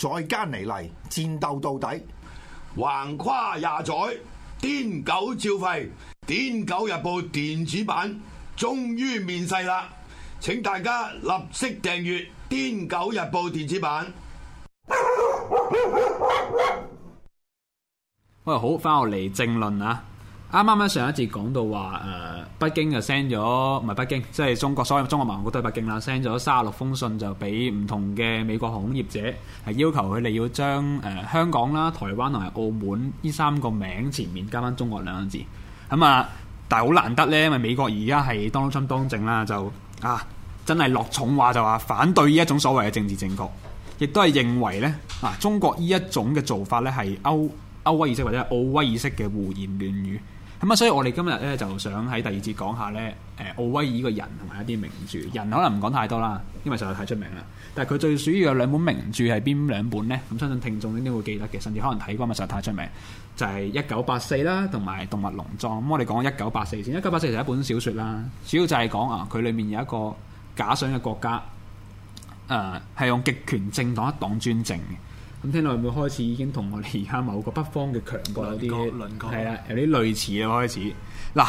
再加泥嚟，戰鬥到底。橫跨廿載，癲狗照吠。癲狗日報電子版終於面世啦！請大家立即訂閱癲狗日報電子版。喂，好，翻落嚟政論啊！啱啱上一節講到話誒、呃、北京就 send 咗唔係北京，即係中國所有中國盟國都係北京啦，send 咗三十六封信就俾唔同嘅美國航空業者係要求佢哋要將誒香港啦、台灣同埋澳門呢三個名前面加翻中國兩個字。咁、嗯、啊，但係好難得呢，因為美國而家係當當當政啦，就啊真係落重話就話反對呢一種所謂嘅政治正確，亦都係認為呢，啊中國呢一種嘅做法呢，係歐歐威爾式或者係奧威爾式嘅胡言亂語。咁啊、嗯，所以我哋今日咧就想喺第二節講下咧，誒、呃、奧威爾嘅人同埋一啲名著。人可能唔講太多啦，因為實在太出名啦。但係佢最主要有兩本名著係邊兩本呢？咁、嗯、相信聽眾應該會記得嘅，甚至可能睇過，咪實在太出名。就係《一九八四》啦，同埋《動物農莊》嗯。咁我哋講、嗯《一九八四》先，《一九八四》就係一本小説啦，主要就係講啊，佢裏面有一個假想嘅國家，誒、呃、係用極權政黨一黨專政。咁聽落，會唔會開始已經同我哋而家某個北方嘅強國有啲係啊，有啲類似嘅開始？嗱，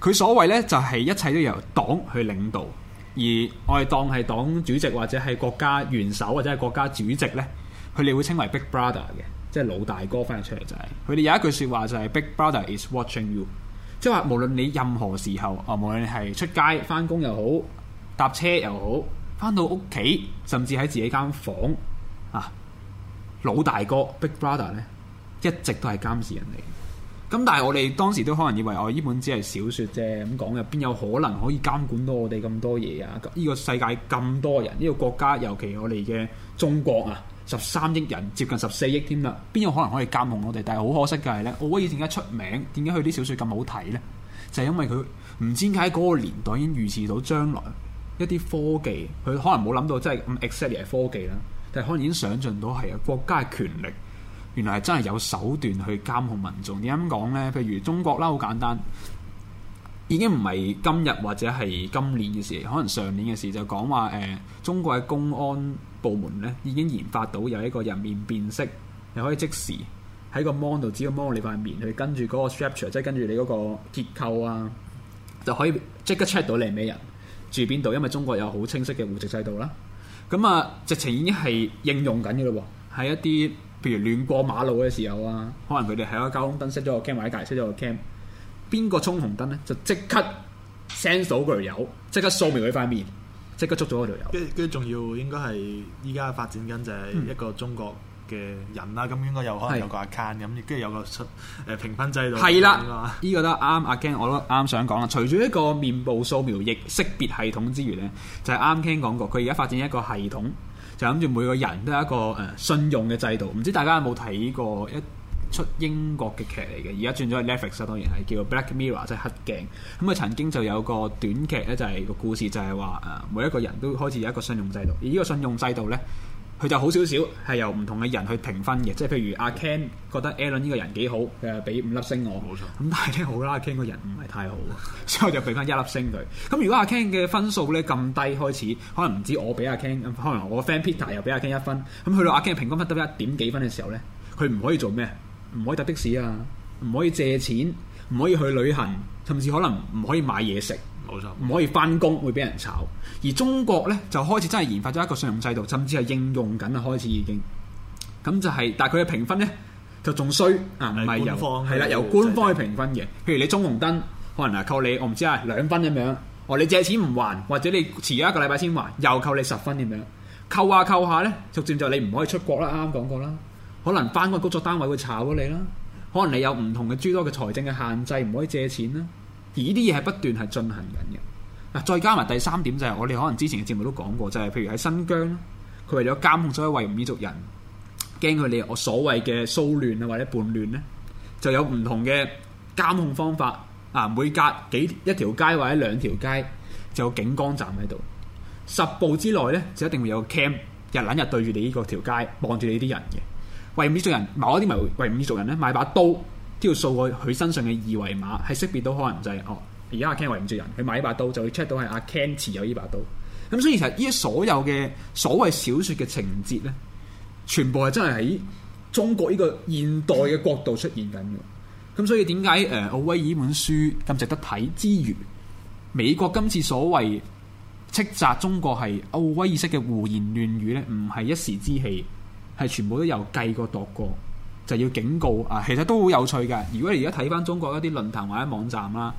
佢所謂呢，就係、是、一切都由黨去領導，而我哋當係黨主席或者係國家元首或者係國家主席呢，佢哋會稱為 Big Brother 嘅，即係老大哥翻譯出嚟就係、是。佢哋有一句説話就係、是、Big Brother is watching you，即係話無論你任何時候啊，無論係出街、翻工又好、搭車又好、翻到屋企，甚至喺自己間房啊。老大哥 Big Brother 咧，一直都係監視人嚟。咁但係我哋當時都可能以為，哦，呢本只係小説啫，咁講嘅邊有可能可以監管到我哋咁多嘢啊？呢個世界咁多人，呢個國家尤其我哋嘅中國啊，十三億人，接近十四億添啦，邊有可能可以監控我哋？但係好可惜嘅係咧，奧威點解出名？點解佢啲小説咁好睇呢？就係因為佢唔知點解嗰個年代已經預示到將來一啲科技，佢可能冇諗到真係咁 excellent 嘅科技啦。但係可能已經想像到係啊！國家嘅權力原來係真係有手段去監控民眾。點樣講呢，譬如中國啦，好簡單，已經唔係今日或者係今年嘅事，可能上年嘅事就講話誒，中國嘅公安部門呢已經研發到有一個人面辨識，你可以即時喺個 mon 度只要 mon 你塊面去跟住嗰個 structure，即係跟住你嗰個結構啊，就可以即刻 check 到你係咩人住邊度，因為中國有好清晰嘅戶籍制度啦。咁啊，直情已經係應用緊嘅咯喎，喺一啲譬如亂過馬路嘅時候啊，可能佢哋喺個交通燈熄咗個 cam，或者隔籬熄咗個 cam，邊個衝紅燈咧，就即刻 send 到嗰條友，即刻掃描佢塊面，即刻捉咗嗰條友。跟跟仲要應該係依家發展緊，就係一個中國、嗯。嘅人啦，咁應該又可能有個 account，咁跟住有個出誒評、呃、分制度。係啦的，呢該個都啱阿 Ken，我都啱想講啦。除咗一個面部掃描識別系統之餘呢，就係、是、啱 Ken 講過，佢而家發展一個系統，就諗住每個人都有一個誒、呃、信用嘅制度。唔知大家有冇睇過一出英國嘅劇嚟嘅？而家轉咗去 Netflix，當然係叫 Black Mirror，即係黑鏡。咁、嗯、佢曾經就有個短劇呢，就係、是、個故事就，就係話誒每一個人都開始有一個信用制度。而呢個信用制度呢。呢佢就好少少係由唔同嘅人去評分嘅，即係譬如阿 Ken 覺得 Allen 呢個人幾好，佢俾五粒星我。冇沒錯，咁但係咧好啦，阿 Ken 個人唔係太好，之 以就俾翻一粒星佢。咁如果阿 Ken 嘅分數咧咁低開始，可能唔止我俾阿 Ken，可能我 friend Peter 又俾阿 Ken 一分，咁去到阿 Ken 平均分得一點幾分嘅時候咧，佢唔可以做咩？唔可以搭的士啊，唔可以借錢，唔可以去旅行，甚至可能唔可以買嘢食。唔可以翻工會俾人炒，而中國咧就開始真係研發咗一個信用制度，甚至係應用緊啊開始已經，咁就係，是，但係佢嘅評分咧就仲衰啊，唔係由官方，係啦，由官方去評分嘅，譬如你沖紅燈，可能啊扣你我唔知啊兩分咁樣，哦你借錢唔還或者你遲一個禮拜先還，又扣你十分咁樣，扣下扣下咧，逐漸就你唔可以出國啦，啱啱講過啦，可能翻個工作單位會炒咗你啦，可能你有唔同嘅諸多嘅財政嘅限制，唔可以借錢啦。而呢啲嘢係不斷係進行緊嘅。嗱，再加埋第三點就係、是、我哋可能之前嘅節目都講過，就係、是、譬如喺新疆，佢為咗監控，所謂維吾爾族人驚佢哋我所謂嘅蘇亂啊或者叛亂呢，就有唔同嘅監控方法。啊，每隔幾一條街或者兩條街就有警崗站喺度，十步之內呢，就一定會有個 cam 日冷日對住你，呢個條街望住你啲人嘅。維吾爾族人，某一啲咪維吾爾族人呢，買把刀。只要掃過佢身上嘅二維碼，係識別到可能就係、是、哦，而家阿 Ken 為唔住人，佢買呢把刀就會 check 到係阿 Ken 持有呢把刀。咁所以其實呢啲所有嘅所謂小説嘅情節呢，全部係真係喺中國呢個現代嘅角度出現緊嘅。咁所以點解誒奧威爾呢本書咁值得睇之餘，美國今次所謂斥責中國係奧威爾式嘅胡言亂語呢，唔係一時之氣，係全部都由計過度過。就要警告啊！其實都好有趣嘅。如果你而家睇翻中國一啲論壇或者網站啦，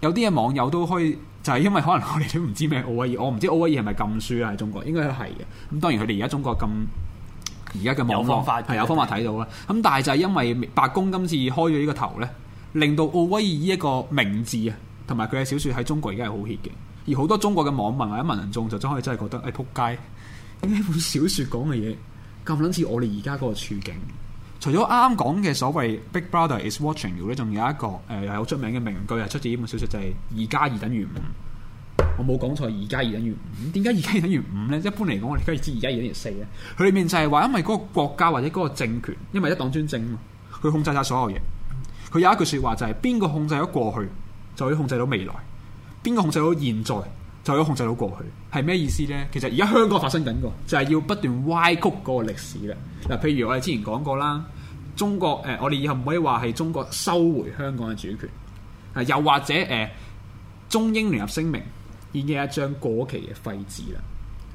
有啲嘢網友都可以就係、是、因為可能我哋都唔知咩奧威爾。我唔知奧威爾係咪禁書啊？喺中國應該係嘅。咁、嗯、當然佢哋而家中國咁而家嘅網方法，係有方法睇到啦。咁、嗯、但係就係因為白宮今次開咗呢個頭呢，令到奧威爾呢一個名字啊，同埋佢嘅小説喺中國而家係好 hit 嘅。而好多中國嘅網民或者民衆就可以真係真係覺得誒，撲、哎、街！呢本小説講嘅嘢咁撚似我哋而家嗰個處境。除咗啱啱講嘅所謂 Big Brother is watching you 咧，仲有一個誒、呃、又有出名嘅名句，係出自呢本小説，就係二加二等於五。我冇講錯，二加二等於五。點解二加二等於五咧？一般嚟講，我哋梗係知二加二等於四咧。佢裏面就係話，因為嗰個國家或者嗰個政權，因為一黨專政嘛，佢控制晒所有嘢。佢、嗯、有一句説話就係、是：邊個控制咗過去，就可以控制到未來；邊個控制到現在，就可以控制到過去。係咩意思咧？其實而家香港發生緊個，就係、是、要不斷歪曲嗰個歷史啦。嗱、呃，譬如我哋之前講過啦。中國誒、呃，我哋以後唔可以話係中國收回香港嘅主權，啊，又或者誒、啊、中英聯合聲明已經一張過期嘅廢紙啦、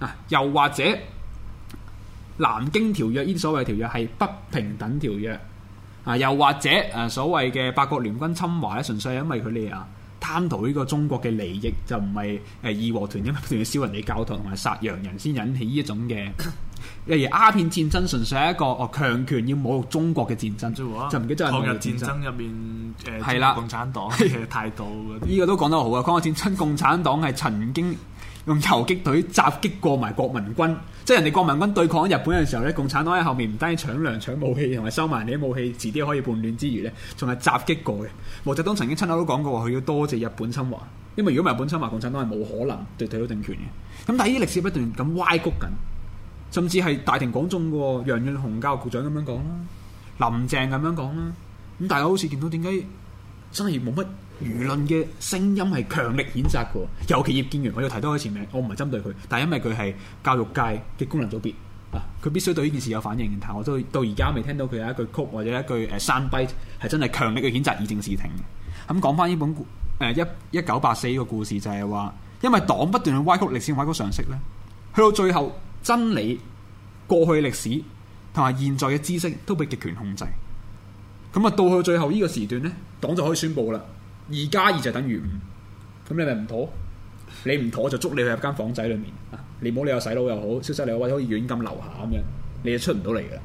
啊，又或者南京條約呢啲所謂條約係不平等條約，啊，又或者誒、啊、所謂嘅八國聯軍侵華咧、啊，純粹係因為佢哋啊貪圖呢個中國嘅利益，就唔係誒義和團因為不斷燒人哋教堂同埋殺洋人先引起呢一種嘅。 例如鴉片戰爭純粹係一個哦強權要侮辱中國嘅戰爭哇就唔記得咗抗日戰爭入面誒，係、呃、啦共產黨嘅態度，呢 個都講得好啊！抗日戰爭共產黨係曾經用游擊隊襲擊過埋國民軍，即係人哋國民軍對抗日本嘅時候咧，共產黨喺後面唔單止搶糧搶武器，同埋收埋人哋啲武器，遲啲可以叛亂之餘咧，仲係襲擊過嘅。毛澤東曾經親口都講過話，佢要多謝日本侵華，因為如果唔係日本侵華，共產黨係冇可能對推倒政權嘅。咁但係呢啲歷史不斷咁歪曲緊。甚至係大庭廣眾嘅喎，楊潤雄教育局長咁樣講啦，林鄭咁樣講啦，咁大家好似見到點解真係冇乜輿論嘅聲音係強力譴責嘅？尤其葉建源，我要提多佢前面，我唔係針對佢，但係因為佢係教育界嘅功能組別啊，佢必須對呢件事有反應。但係我都到而家未聽到佢有一句曲或者一句誒 soundbite，係真係強力嘅譴責，以正視聽。咁講翻呢本誒一一九八四呢個故事就，就係話因為黨不斷去歪曲歷史、歪曲常識呢，去到最後。真理、過去歷史同埋現在嘅知識都被極權控制。咁啊，到去最後呢個時段呢，黨就可以宣佈啦。二加二就等於五。咁你咪唔妥？你唔妥就捉你去入間房仔裏面啊！你唔好你又洗腦又好，消失你嘅話可以軟禁留下咁樣，你就出唔到嚟嘅。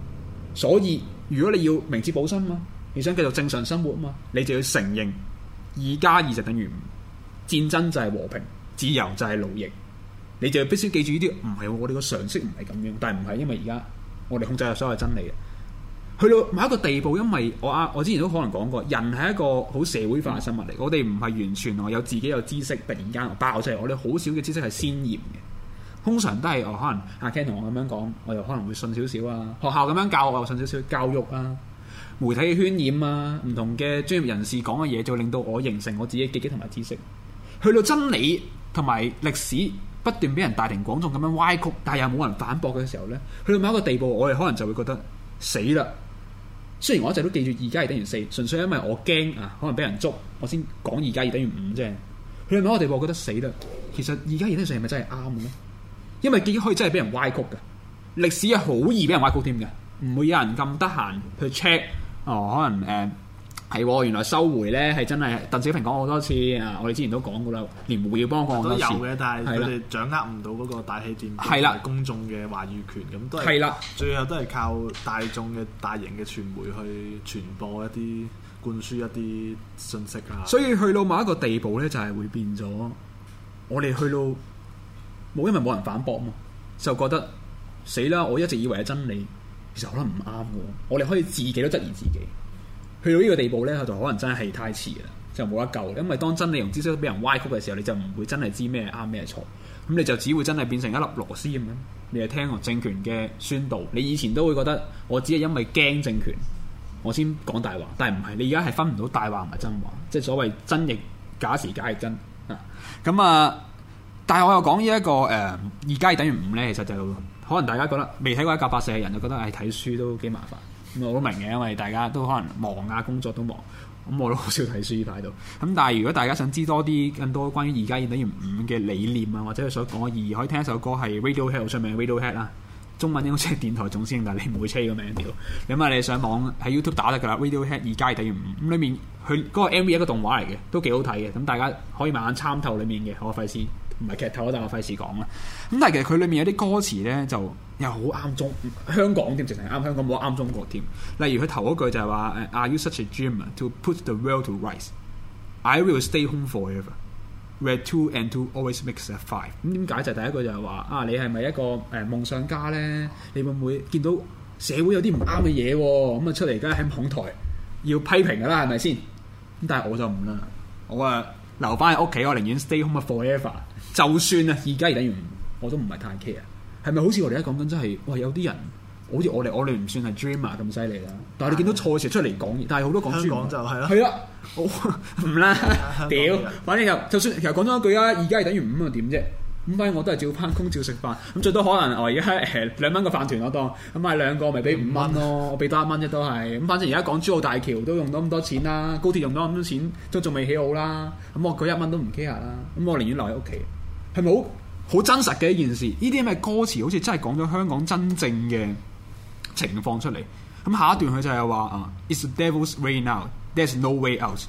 所以如果你要明哲保身嘛，你想繼續正常生活嘛，你就要承認二加二就等於五。戰爭就係和平，自由就係奴役。你就必須記住，呢啲唔係我哋個常識，唔係咁樣，但係唔係因為而家我哋控制咗所有真理。去到某一個地步，因為我啊，我之前都可能講過，人係一個好社會化嘅生物嚟，嗯、我哋唔係完全我有自己有知識，突然間爆曬我哋好少嘅知識係先驗嘅，通常都係、哦、可能阿 Ken 同我咁樣講，我又可能會信少少啊，學校咁樣教我信少少，教育啊，媒體嘅渲染啊，唔同嘅專業人士講嘅嘢，就會令到我形成我自己嘅記憶同埋知識。去到真理同埋歷史。不斷俾人大庭廣眾咁樣歪曲，但係又冇人反駁嘅時候呢，去到某一個地步，我哋可能就會覺得死啦。雖然我一直都記住二加二等於四，純粹因為我驚啊，可能俾人捉，我先講二加二等於五啫。去到某一個地步，我覺得死啦。其實二加二等於四係咪真係啱嘅呢？因為記憶可以真係俾人歪曲嘅，歷史係好易俾人歪曲添嘅，唔會有人咁得閒去 check 哦。可能誒。係喎，原來收回咧係真係，鄧小平講好多次啊！我哋之前都講過啦，連胡耀邦講都有嘅，但係佢哋掌握唔到嗰個大氣電的，係啦，公眾嘅話語權咁的都係。係啦的，最後都係靠大眾嘅大型嘅傳媒去傳播一啲、灌輸一啲信息啊。所以去到某一個地步咧，就係、是、會變咗，我哋去到冇，因為冇人反駁嘛，就覺得死啦！我一直以為係真理，其實可能唔啱嘅。我哋可以自己都質疑自己。去到呢個地步呢，就可能真係太遲啦，就冇得救。因為當真理用知識都俾人歪曲嘅時候，你就唔會真係知咩啱咩錯，咁你就只會真係變成一粒螺絲咁樣。你係聽政權嘅宣導，你以前都會覺得我只係因為驚政權，我先講大話，但係唔係，你而家係分唔到大話唔係真話，即係所謂真亦假時假亦真啊。咁啊，但係我又講呢一個誒二加二等於五呢，其實就是、可能大家覺得未睇過一九八四嘅人就覺得係睇、哎、書都幾麻煩。嗯、我都明嘅，因為大家都可能忙啊，工作都忙、啊，咁、嗯、我都好少睇書睇到。咁但係如果大家想知多啲更多關於二加二等於五嘅理念啊，或者佢所講，而可以聽一首歌係 Radiohead 好出名 Radiohead 啦。中文應該即電台總司令，但係你唔會聽依個名嘅。你因為你上網喺 YouTube 打得㗎啦，Radiohead 二加二等於五。咁裏、嗯、面佢嗰、那個 MV 一個動畫嚟嘅，都幾好睇嘅。咁、嗯、大家可以慢慢參透裡面嘅。我費事唔係劇透，但係我費事講啦。咁、嗯、但係其實佢裏面有啲歌詞咧就～又好啱中香港添，直情啱香港，冇啱中國添。例如佢頭嗰句就係話：誒，Are you such a dreamer to put the world to rights？I will stay home forever. Where two and two always makes a five。咁點解？就係，第一句就係話：啊，你係咪一個誒、呃、夢想家咧？你會唔會見到社會有啲唔啱嘅嘢？咁、嗯、啊出嚟而家喺網台要批評噶啦，係咪先？咁但係我就唔啦，我啊留翻喺屋企，我寧願 stay home forever。 就算啊，而家等於我，我都唔係太 care。係咪好似我哋而家講緊？真係，喂，有啲人，好似我哋，我哋唔算係 dreamer 咁犀利啦。但係你見到錯嘅時出嚟講嘢，但係好多講。香港就係啦了，係啊、哦，唔啦，屌！ 反正又就，就算，其實講咗一句啊，而家二加二等於五啊，點啫？咁反正我都係照返工，照食飯。咁最多可能我，我而家誒兩蚊個飯團攞當，咁買兩個咪俾五蚊咯。元我俾多一蚊啫，都係。咁反正而家港珠澳大橋都用到咁多錢啦，高鐵用咗咁多錢，都仲未起好啦。咁我嗰一蚊都唔 care 啦。咁我寧願留喺屋企，係咪好？好真實嘅一件事，呢啲咁嘅歌詞好似真係講咗香港真正嘅情況出嚟。咁下一段佢就係話啊，It's the devil's rain now, there's no way out.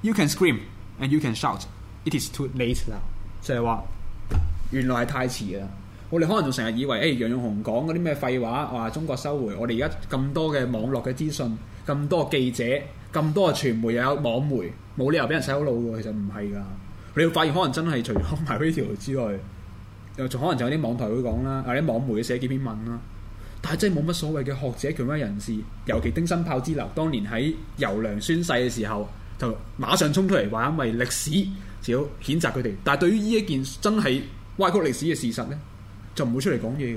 You can scream and you can shout, it is too late now。就係話原來係太遲啦。我哋可能仲成日以為，誒、欸、楊潤雄講嗰啲咩廢話，話中國收回我哋而家咁多嘅網絡嘅資訊，咁多嘅記者，咁多嘅傳媒又有網媒，冇理由俾人洗腦噶。其實唔係噶，你會發現可能真係除咗埋呢條之外。仲可能就有啲網台會講啦，或啲網媒嘅寫幾篇文啦，但係真係冇乜所謂嘅學者權威人士，尤其丁新豹之流，當年喺游梁宣誓嘅時候，就馬上衝出嚟話，因為歷史就要譴責佢哋。但係對於呢一件真係歪曲歷史嘅事實呢，就唔會出嚟講嘢。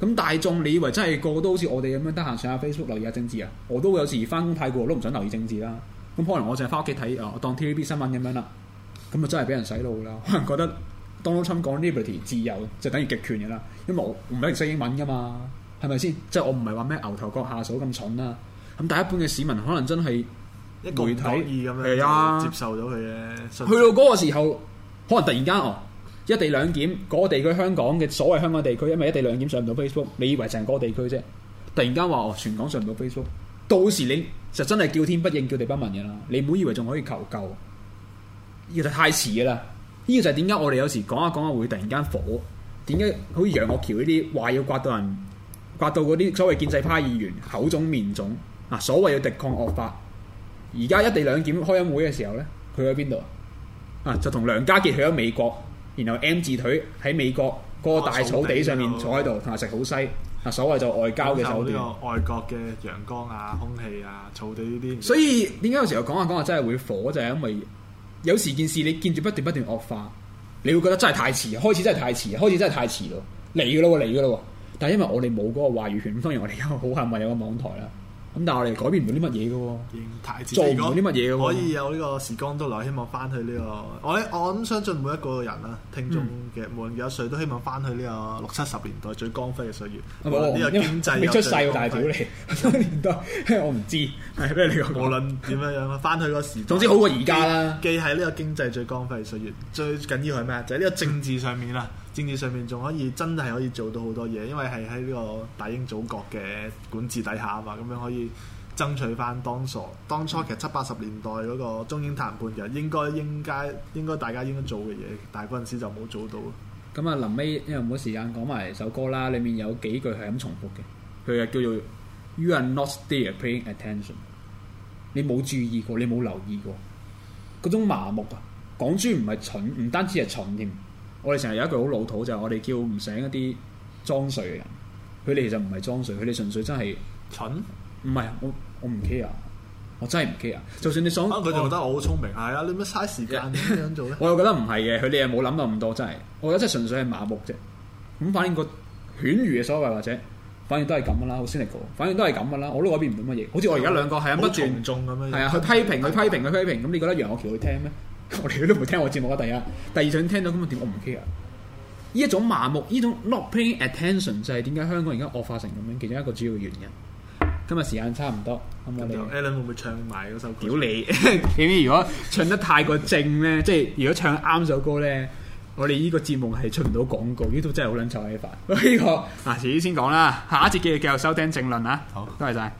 咁大眾，你以為真係個個都好似我哋咁樣得閒上下 Facebook 留意下政治啊？我都有時翻工太攰，我都唔想留意政治啦。咁可能我淨係翻屋企睇哦，當 TVB 新聞咁樣啦。咁啊，真係俾人洗腦啦，可能覺得。當初親講 liberty 自由，就等於極權嘅啦。因為我唔係識英文噶嘛，係咪先？即、就、係、是、我唔係話咩牛頭角順嫂咁蠢啦。咁但係一般嘅市民可能真係媒體咁樣、啊、接受到佢咧。去到嗰個時候，可能突然間哦，一地兩檢嗰、那個地區香港嘅所謂香港地區，因為一地兩檢上唔到 Facebook，你以為淨係嗰個地區啫？突然間話哦，全港上唔到 Facebook，到時你就真係叫天不應，叫地不聞嘅啦。你唔好以為仲可以求救，其實太遲啦。呢個就係點解我哋有時講下講下會突然間火？點解好似楊岳橋呢啲話要刮到人，刮到嗰啲所謂建制派議員口腫面腫啊？所謂嘅抵抗惡化。而家一地兩檢開緊會嘅時候呢，佢喺邊度啊？就同梁家傑去咗美國，然後 M 字腿喺美國個大草地上面坐喺度，同埋食好西，啊所謂就外交嘅手段，外國嘅陽光啊，空氣啊，草地呢啲。所以點解有時候講下講下真係會火，就係、是、因為。有時件事你見住不斷不斷惡化，你會覺得真係太遲，開始真係太遲，開始真係太遲咯，嚟㗎咯喎，嚟㗎咯喎，但係因為我哋冇嗰個話語權，當然我哋有好幸運有個網台啦。咁但係我哋改變唔到啲乜嘢嘅喎，做唔到啲乜嘢嘅喎，可以有呢個時光倒流，希望翻去呢、這個，我咧我諗相信每一個人啦，聽眾嘅無論幾多歲都希望翻去呢個六七十年代最光輝嘅歲月，呢、嗯、個經濟出世嘅大表靚，年代 我唔知，係咩嚟嘅？無論點樣樣，翻去嗰時， 總之好過而家啦。既係呢個經濟最光輝嘅歲月，最緊要係咩？就係、是、呢個政治上面啦。政治上面仲可以真係可以做到好多嘢，因為係喺呢個大英祖國嘅管治底下啊嘛，咁樣可以爭取翻當初當初，其實七八十年代嗰個中英談判嘅應該應該應該大家應該做嘅嘢，但係嗰陣時就冇做到。咁啊、嗯，臨尾因為冇時間講埋首歌啦，裏面有幾句係咁重複嘅，佢係叫做 You are not there paying attention。你冇注意過，你冇留意過，嗰種麻木啊！講粗唔係蠢，唔單止係蠢添。我哋成日有一句好老土，就係、是、我哋叫唔醒一啲裝睡嘅人。佢哋其實唔係裝睡，佢哋純粹真係蠢。唔係，我我唔 care，我真係唔 care。就算你想，佢就覺得我好聰明。係我啊，你乜嘥時間點樣做咧？ 我又覺得唔係嘅，佢哋又冇諗到咁多，真係。我覺得真係純粹係麻木啫。咁反而個犬儒嘅所謂，或者反正都係咁啦。好 cynical，反正都係咁噶啦。我都改變唔到乜嘢。好似我而家兩個係咁。筆賬，嚴重咁樣。係啊，去批評，去批評，去批評。咁你覺得楊岳橋會聽咩？我哋都唔會聽我節目啊！第一、第二想聽到今日點我唔 care。呢一種麻木，呢種 not paying attention 就係點解香港而家惡化成咁樣，其中一個主要原因。今日時間差唔多，咁我哋 Alan 會唔會唱埋嗰首理？屌你！如果唱得太過正咧， 即係如果唱啱首歌咧，我哋呢個節目係出唔到廣告，呢套真係好撚臭嘅法。呢、呢個嗱，遲啲先講啦。下一節繼續繼續收聽論《正論》啊！好，多謝晒。